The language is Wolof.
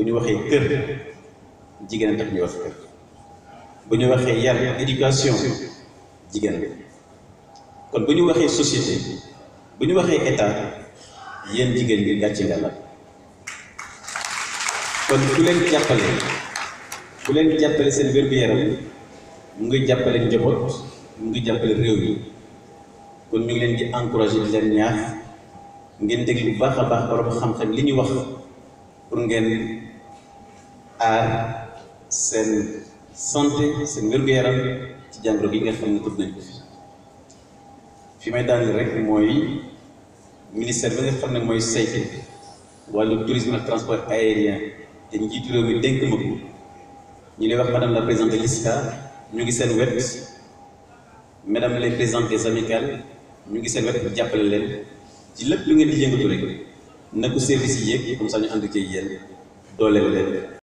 buñu waxé kër jigéen tax ñu wax kër buñu waxé yar éducation jigéen bi kon buñu waxé société buñu waxé état yeen jigéen bi gàcce nga la kon ku leen jappalé ku leen jappalé seen wër bi yaram mu ngi jappalé njaboot mu ngi jappalé réew yi kon ñu ngi leen di encourager di leen ñaax ngeen dégg bu baax a baax borom xam-xam li ñu wax pour ngeen aar seen santé seen wér-gu-yaram ci jàngoro gi nga xam ne tudd nañ ko fi fi may daaneel rek mooy ministère bi nga xam ne mooy saytu wàllu tourisme ak transport aérien te njiitu réew mi dénk ma ko ñu lay wax madame la présidente de l'ISCA ñu ngi seen wet madame les présidentes des amicales ñu ngi seen wet bu jàppale leen ci lépp lu ngeen di yëngatu rek na ko service yi yéeg comme ça ñu ànd ci yéen dooleel leen.